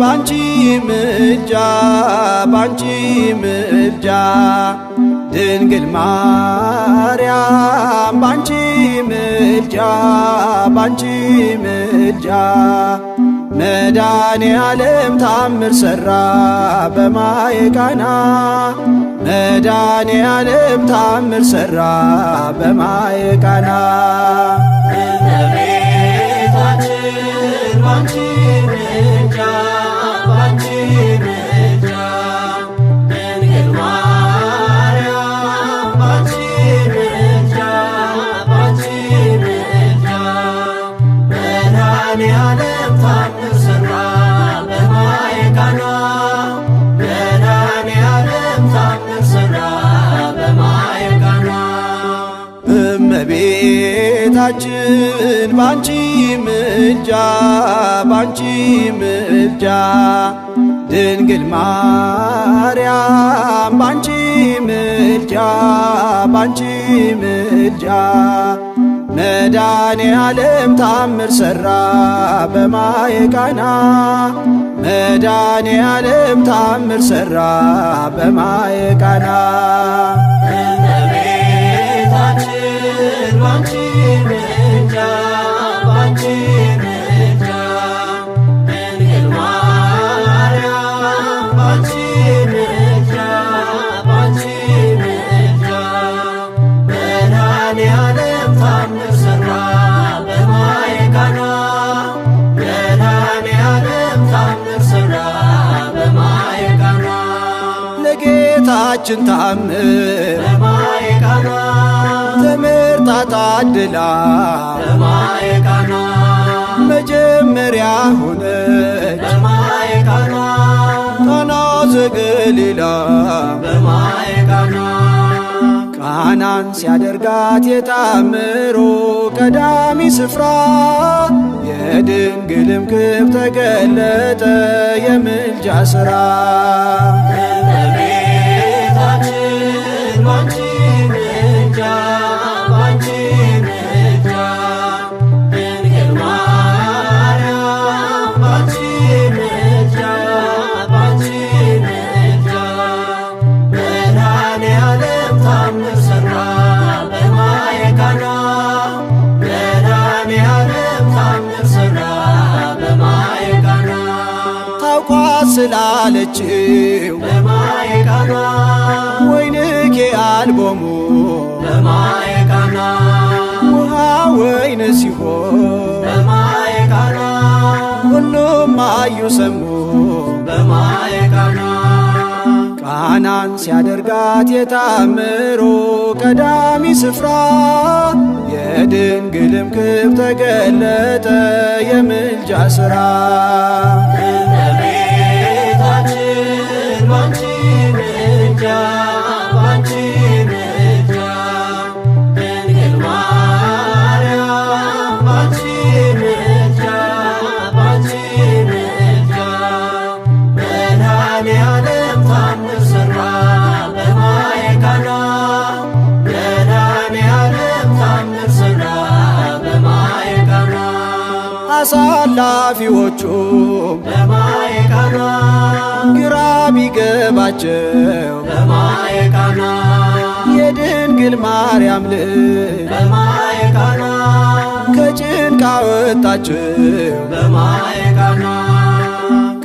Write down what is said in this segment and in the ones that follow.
ባንቺ ምልጃ ባንቺ ምልጃ ድንግል ማርያም ባንቺ ምልጃ ባንቺ ምልጃ መዳኔ ዓለም ታምር ሠራ በማየ ቃና መዳኔ ዓለም ታምር ሠራ በማየ ቃና እመቤታችን ባንቺ ምልጃ ባንቺ ምልጃ ድንግል ማርያም ባንቺ ምልጃ ባንቺ ምልጃ መዳኔ ዓለም ታምር ሠራ በማየ ቃና መዳኔ ዓለም ታምር ሠራ በማየ ቃና ባንቺ ምልጃ ባንቺ ምልጃ ድንግል ማርያም ባንቺ ምልጃ ባንቺ ምልጃ መድኃኔዓለም ታምር ሠራ በማየ ጋና መድኃኔዓለም ታምር ሠራ በማየ ጋና ለጌታችን ታምር ተጠርታ ታድላ ለማየ መጀመሪያ ሆነች ለማየ ቃና ዘገሊላ ለማየ ቃናን ሲያደርጋት የታምሮ ቀዳሚ ስፍራ የድንግልም ክብ ተገለጠ የምልጃ ስራ እመቤታችን አለችው በማየ ቃና ወይንኬ አልቦሙ በማየ ቃና ውሃ ወይን ሲሆን በማየ ቃና ሁሉም አዩ ሰሙ በማየ ቃና ቃናን ሲያደርጋት የታምሮ ቀዳሚ ስፍራ የድንግልም ክብ ተገለጠ የምልጃ ሥራ አሳላፊዎቹም በማየ ግራ ቢገባቸው በማየ የድንግል ማርያም ልጅ በማየ ቃና ከጭንቅ አወጣቸው በማየ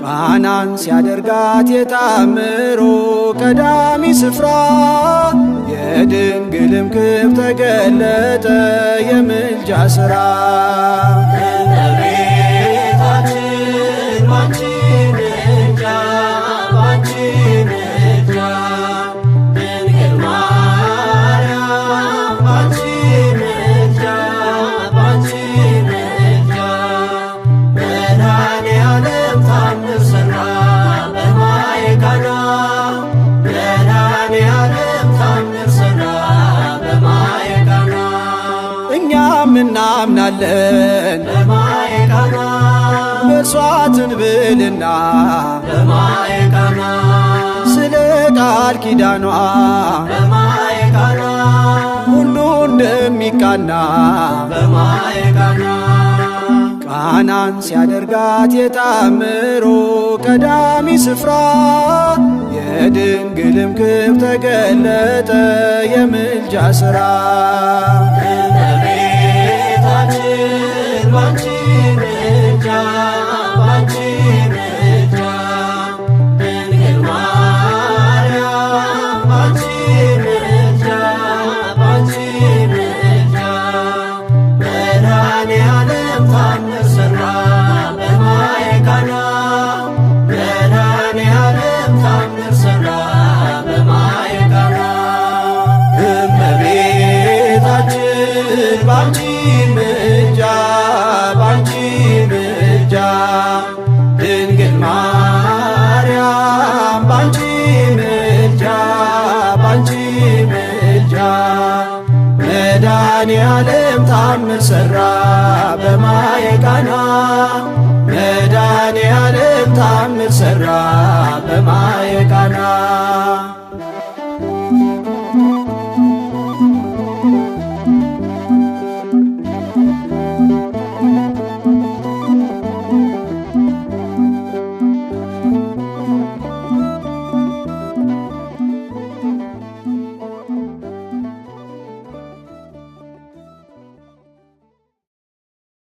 ቃናን ሲያደርጋት የታምሮ ቀዳሚ ስፍራ ለድንግልም ክብ ተገለጠ የምልጃ ሥራ መስዋዕትን ብልና ለማይቀና ስለ ቃል ኪዳኗ ሁሉ እንደሚቃና ለማይቀና ቃናን ሲያደርጋት የታምሮ ቀዳሚ ስፍራ የድንግልም ክብ ተገለጠ የምልጃ ሥራ ምልጃ ባንቺ ምልጃ ድንግል ማርያም ባንቺ ምልጃ ባንቺ ምልጃ መድኃኔዓለም ተአምር ሠራ በማየ ቃና መድኃኔዓለም ተአምር ሠራ በማየ ቃና